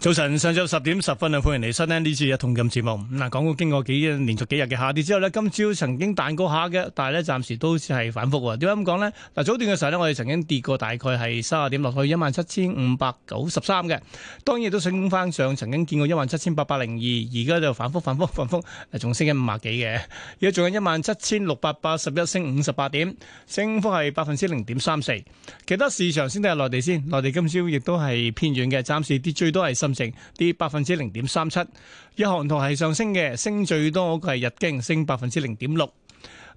早晨，上晝十點十分啊，歡迎嚟聽呢次嘅同金節目。嗱，港股經過幾日連續幾日嘅下跌之後咧，今朝曾經彈高下嘅，但係咧暫時都係反覆。點解咁講咧？嗱，早段嘅時候咧，我哋曾經跌過大概係三十點落去一萬七千五百九十三嘅，當然亦都升翻上，曾經見過一萬七千八百零二，而家就反覆、反覆、反覆，誒，仲升緊五十幾嘅，而家仲有一萬七千六百八十一，升五十八點，升幅係百分之零點三四。其他市場先睇下內地先，內地今朝亦都係偏軟嘅，暫時跌最多係十。跌百分之零點三七，日韓同係上升嘅，升最多嗰個係日經，升百分之零點六。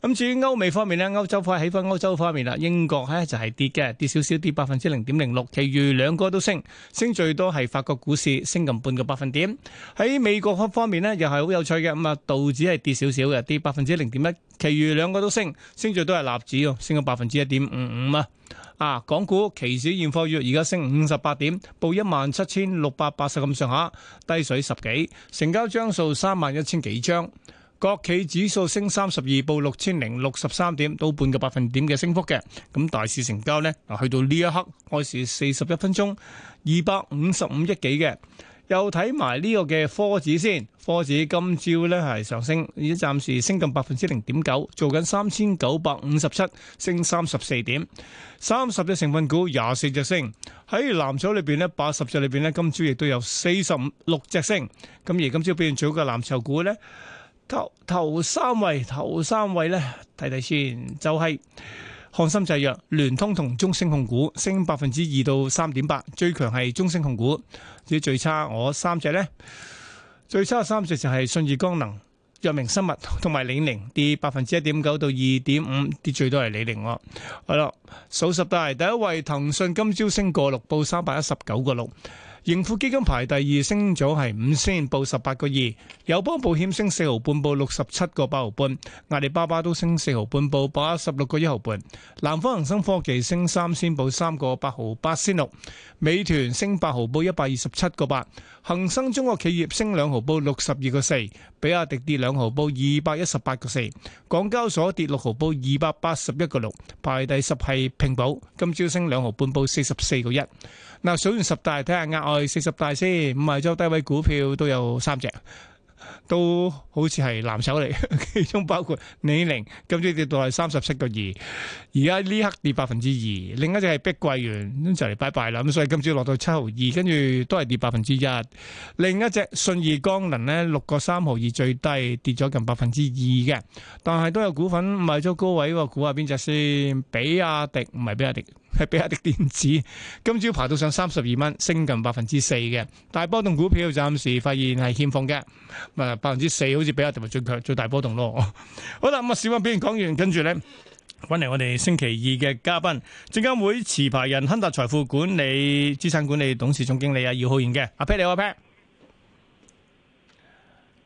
咁至於歐美方面咧，歐洲喺喺翻歐洲方面啦，英國呢就係跌嘅，跌少少，跌百分之零點零六。其餘兩個都升，升最多係法國股市，升近半個百分點。喺美國方面呢，又係好有趣嘅，咁啊道指係跌少少嘅，跌百分之零點一。其餘兩個都升，升最多係納指，升咗百分之一點五五啊。啊！港股期指現貨月而家升五十八點，報一萬七千六百八十咁上下，低水十幾。成交張數三萬一千幾張。國企指數升三十二，報六千零六十三點，到半個百分點嘅升幅嘅。咁大市成交呢，去到呢一刻，開市四十一分鐘，二百五十五億幾嘅。又睇埋呢個嘅科指先，科指今朝呢係上升，已經暫時升近百分之零點九，做緊三千九百五十七，升三十四點，三十隻成分股廿四隻升喺藍籌裏邊呢，八十隻裏邊呢，今朝亦都有四十五六隻升，咁而今朝表現最好嘅藍籌股呢，頭頭三位頭三位呢，睇睇先，就係、是。翰森製藥、聯通同中升控股升百分之二到三點八，最強係中升控股。至最，最差，我三隻呢？最差三隻就係信義光能、藥明生物同埋李寧，跌百分之一點九到二點五，跌最多係李寧。係啦，數十大第一位騰訊今朝升過六，報三百一十九個六。盈富基金排第二升，升咗係五仙，報十八個二。友邦保險升四毫半，報六十七個八毫半。阿里巴巴都升四毫半，報八十六個一毫半。南方恒生科技升三仙，報三個八毫八仙六。美團升八毫，報一百二十七個八。恒生中國企業升兩毫，報六十二個四。比亞迪跌兩毫，報二百一十八個四。港交所跌六毫，報二百八十一個六。排第十係平保，今朝升兩毫半，報四十四個一。嗱，數完十大，睇下額。四十、哎、大師，五十周低位股票都有三隻，都好似係藍籌嚟， 其中包括李寧，今朝跌到係三十七個二，而家呢刻跌百分之二，另一隻係碧桂園就嚟拜拜啦，咁所以今朝落到七毫二，跟住都係跌百分之一，另一隻信義光能呢，六個三毫二最低跌咗近百分之二嘅，但係都有股份五十周高位喎，估下邊隻先，比亞迪唔係比亞迪。係比亞迪電子，今朝排到上三十二蚊，升近百分之四嘅，大波動股票，暫時發現係欠奉嘅。啊，百分之四好似比亞迪咪最強最大波動咯。 好啦，咁啊，市況表現講完，跟住咧，翻嚟，我哋星期二嘅嘉賓，證監會持牌人亨達財富管理資產管理董事總經理啊姚浩然嘅阿 Pet，你好，阿 Pet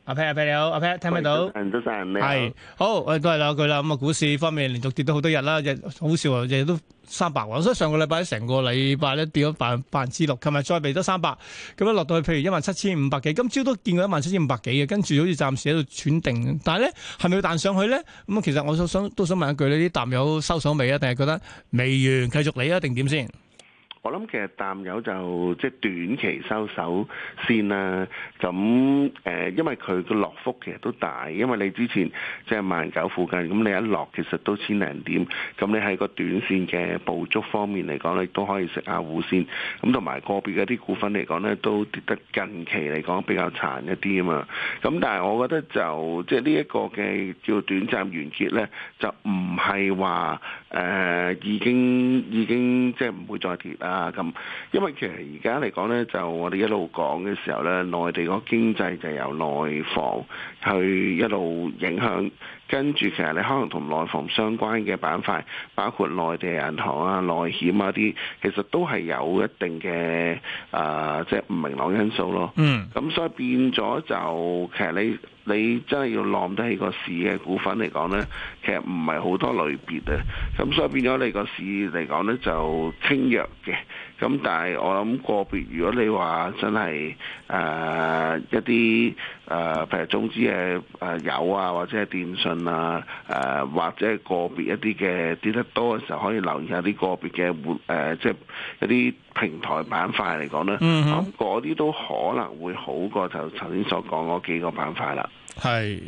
阿 Peter 你好，阿 Peter 聽唔聽到？係好，我哋都係攞句啦。咁啊，股市方面連續跌咗好多日啦，日好少啊，日，日都三百喎，所以上個禮拜成個禮拜咧跌咗百百分之六，琴日再跌多三百，咁樣落到去，譬如一萬七千五百幾。今朝都見過一萬七千五百幾嘅，跟住好似暫時喺度轉定。但係咧，係咪要彈上去咧？咁其實我想想都想問一句咧：啲淡友收手未啊？定係覺得未完繼續嚟啊？定點先？我諗其實淡友就即係短期收手先啦。咁誒，因為佢個落幅其實都大，因為你之前即係萬九附近，咁你一落其實都千零點。咁你喺個短線嘅捕捉方面嚟講，你都可以食下糊先。咁同埋個別嗰啲股份嚟講咧，都跌得近期嚟講比較殘一啲啊嘛。咁但係我覺得就即係呢一個嘅叫短暫完結咧，就唔係話誒已經已經即係唔會再跌啊。啊，咁，因為其實而家嚟講咧，就我哋一路講嘅時候咧，內地嗰經濟就由內房去一路影響。跟住其實你可能同內房相關嘅板塊，包括內地銀行啊、內險啊啲，其實都係有一定嘅啊、呃，即係唔明朗因素咯。嗯，咁所以變咗就其實你你真係要攬得起個市嘅股份嚟講呢，其實唔係好多類別啊。咁所以變咗你個市嚟講呢，就輕弱嘅。咁但係我諗個別，如果你話真係誒一啲誒、呃，譬如中資嘅誒有啊，或者係電信啊，誒或者係個別一啲嘅跌得多嘅時候，可以留意一下啲個別嘅活誒，即、呃、係、就是、一啲平台板塊嚟講咧，咁嗰啲都可能會好過就頭先所講嗰幾個板塊啦。係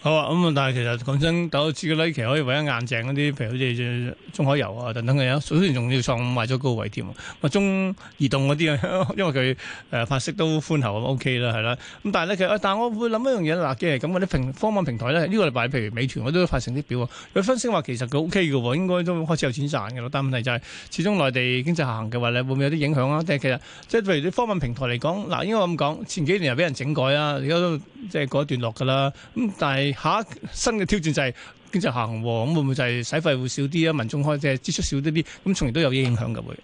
好啊！咁、嗯、但係其實講真，到至嗰啲期可以為咗硬淨嗰啲，譬如好似中海油啊等等嘅嘢，首先仲要創埋咗高位添啊！中移動嗰啲啊，因為佢誒發息都寬厚啊，OK 啦，係啦。咁但係咧，其實但係我會諗一樣嘢啦，即係咁嗰啲科網平台咧，呢、這個禮拜譬如美團我都發成啲表，佢分析話其實佢 OK 嘅喎，應該都開始有錢賺嘅咯。但係問題就係、是，始終內地經濟下行嘅話咧，會唔會有啲影響啊？即係其實即係譬如啲科網平台嚟講，嗱，應該咁講，前幾年又俾人整改啊，而家都即係過一段落嘅。啦，咁、嗯、但係下一新嘅挑戰就係、是、經濟下行，咁、嗯、會唔會就係使費會少啲啊？民眾開即係支出少啲啲，咁、嗯、從而都有影響嘅會。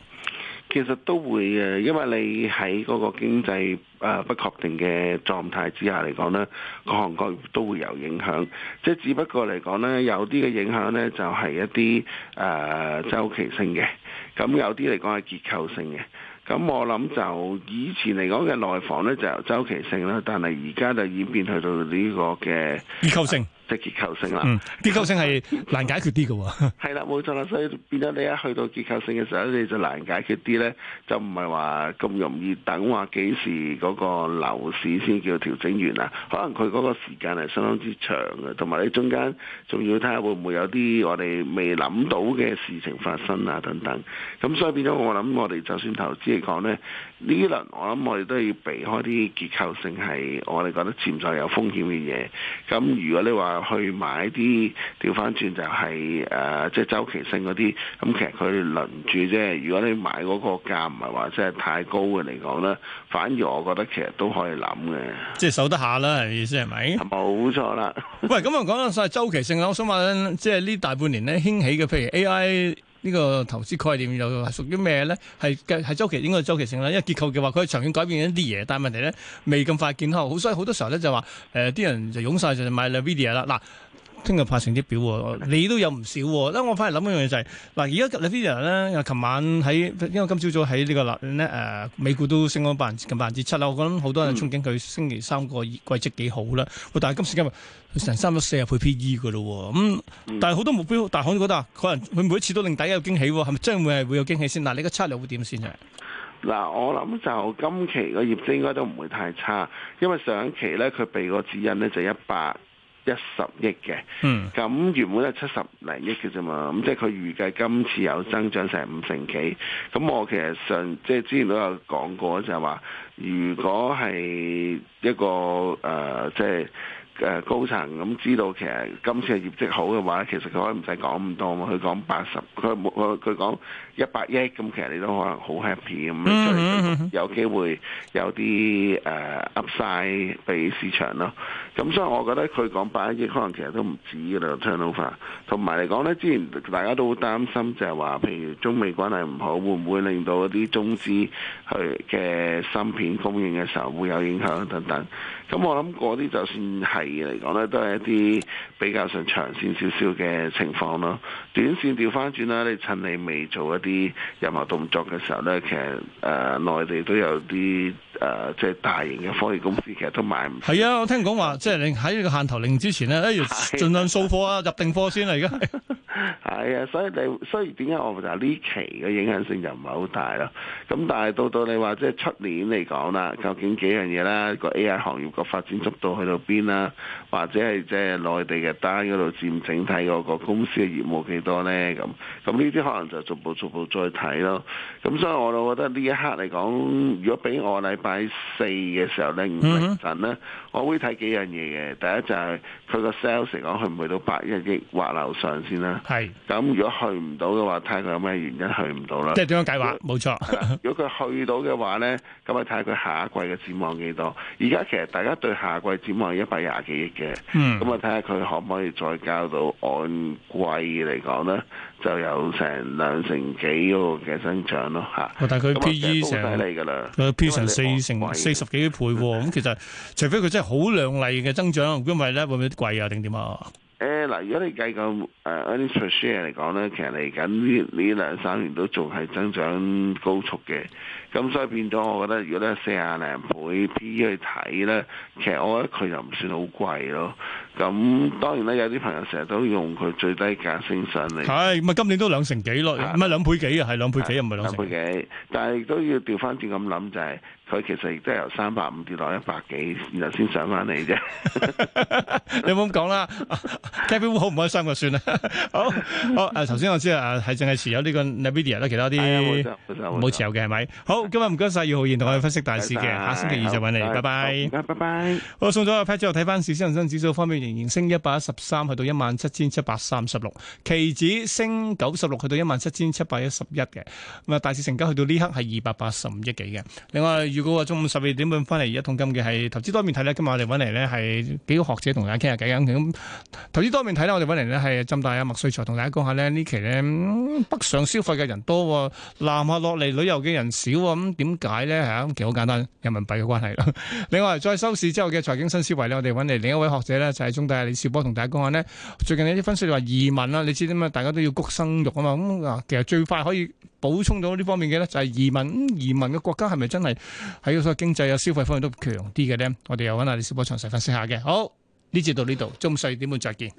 其實都會嘅，因為你喺嗰個經濟、呃、不確定嘅狀態之下嚟講呢，各行各業都會有影響。即、就、係、是、只不過嚟講呢，有啲嘅影響呢就係一啲誒週期性嘅，咁有啲嚟講係結構性嘅。咁我諗就以前嚟講嘅內房咧，就周期性啦，但係而家就演變去到呢個嘅結構性。即結構性啦、嗯，結構性係難解決啲㗎喎。係 啦，冇錯啦，所以變咗你一去到結構性嘅時候，你就難解決啲咧，就唔係話咁容易等話幾時嗰個樓市先叫調整完啊，可能佢嗰個時間係相當之長嘅，同埋你中間仲要睇下會唔會有啲我哋未諗到嘅事情發生啊等等。咁所以變咗我諗，我哋就算投資嚟講咧，呢輪我諗我哋都要避開啲結構性係我哋覺得潛在有風險嘅嘢。咁如果你話，去買啲調返轉就係、是、誒、呃，即係周期性嗰啲。咁其實佢輪住啫。如果你買嗰個價唔係話真係太高嘅嚟講咧，反而我覺得其實都可以諗嘅。即係守得下啦，意思係咪？冇錯啦。 喂，咁啊講得晒周期性啦。我想問，即係呢大半年咧興起嘅，譬如 AI。呢個投資概念又係屬於咩咧？係係週期，應該係週期性啦，因為結構嘅話，佢係長遠改變一啲嘢，但係問題咧未咁快見效。好所以好多時候咧就話誒啲人就湧晒就買 Nvidia 啦嗱。聽日派成績表，的你都有唔少。咧我反而諗一樣嘢就係、是，嗱而家 Nvidia 咧，琴晚喺，因為今朝早喺呢、這個啦、呃、美股都升咗百分近百分之七啦。我覺得好多人憧憬佢星期三個季績幾好啦。嗯、但係今時今日成三十四倍 P/E 嘅咯。咁、嗯嗯、但係好多目標，但係我覺得可能佢每一次都令大家有驚喜。係咪真係會係會有驚喜先？嗱，你嘅策略會點先？嗱，我諗就今期嘅業績應該都唔會太差，因為上一期咧佢俾個指引咧就一、是、百。一十億嘅，嗯，咁原本係七十零億嘅啫嘛，咁即係佢預計今次有增長成五成幾。咁我其實上即係之前都有講過、就是，就係話如果係一個誒、呃，即係。誒、呃、高層咁、嗯、知道其實今次嘅業績好嘅話，其實佢可以唔使講咁多，佢講八十，佢佢佢講一百億咁，其實你都可能好 happy 咁，有機會有啲誒 upside 俾市場咯。咁所以我覺得佢講百億可能其實都唔止噶啦，turn over 同埋嚟講呢，之前大家都好擔心就係話，譬如中美關係唔好，會唔會令到一啲中資去嘅芯片供應嘅時候會有影響等等。咁我諗嗰啲就算係。第二嚟講咧，都係一啲比較上長線少少嘅情況咯。短線掉返轉啦，你趁你未做一啲任何動作嘅時候咧，其實誒內、呃、地都有啲誒即係大型嘅科技公司，其實都買唔到啊！我聽講話即係你喺個限投令之前咧，要盡量掃貨啊，入定貨先啦、啊。而家係啊，所以你，所以點解我就呢期嘅影響性就唔係好大啦。咁但係到到你話即係出年嚟講啦，究竟幾樣嘢啦？個 A I 行業個發展速度去到邊啦？或者係即係內地嘅單嗰度佔整體嗰個公司嘅業務幾多咧？咁咁呢啲可能就逐步逐步再睇咯。咁所以我就覺得呢一刻嚟講，如果俾我禮拜四嘅時候咧，五月份咧，我會睇幾樣嘢嘅。第一就係佢個 sales 嚟講，去唔去到八億億或樓上先啦。係是。咁如果去唔到嘅話，睇下佢有咩原因去唔到啦。即係點樣計劃？冇錯。如果佢去到嘅話咧，咁啊睇下佢下一季嘅展望幾多。而家其實大家對下季展望一百廿。幾億嘅，咁啊睇下佢可唔可以再交到按季嚟講咧，就有成兩成幾嗰個嘅增長咯嚇。但係佢 P E 成高曬㗎啦，佢 P 成四成四十幾倍喎。咁、 嗯、其實除非佢真係好靚麗嘅增長，因為咧會唔會貴啊定點啊？如果你計個誒啲財務嚟講咧，其實嚟緊呢呢兩三年都仲係增長高速嘅，咁所以變咗，我覺得如果咧四十零倍 P E 去睇咧，其實我覺得佢又唔算好貴咯。咁當然咧，有啲朋友成日都用佢最低價升上嚟。係，咪今年都兩成幾咯？咪、啊、兩倍幾啊？係兩倍幾？唔係兩倍幾？但係都要調返轉咁諗就係、是。佢其實亦都係由三百五跌到一百幾，然後先上翻嚟啫。你冇咁講啦，咖啡杯好唔開心就算啦。好好誒，頭先我知啊，係淨係持有呢個 Nvidia 啦，其他啲冇持有嘅係咪？好，今日唔該晒。姚浩然同我哋分析大市嘅，拜拜，下星期二就揾你，好拜拜，拜拜。好，送咗 pat 之後，睇翻市，恒生指數方面仍然升一百一十三，去到一萬七千七百三十六，期指升九十六，去到一萬七千七百一十一嘅。咁啊，大市成交去到呢刻係二百八十五億幾嘅。另外，嗰個中午十二點半翻嚟，而家痛金嘅係投資多面睇呢。今日我哋揾嚟呢係幾個學者同大家傾下偈。咁投資多面睇呢，我哋揾嚟呢係中大阿麥瑞才同大家講下呢。呢期呢、嗯、北上消費嘅人多，南下落嚟旅遊嘅人少啊。咁點解呢？係啊，其實好簡單，人民幣嘅關係啦、嗯。另外再收市之後嘅財經新思維呢，我哋揾嚟另一位學者呢，就係中大李兆波同大家講下呢。最近有啲分析話移民啊，你知點啊？大家都要谷生育啊嘛。咁、嗯、啊，其實最快可以。補充到呢方面嘅咧，就係移民。移民嘅國家係咪真係喺嗰個經濟啊、消費方面都強啲嘅咧？我哋又揾下李小波詳細分析下嘅。好，呢節到呢度，中午十二點半再見。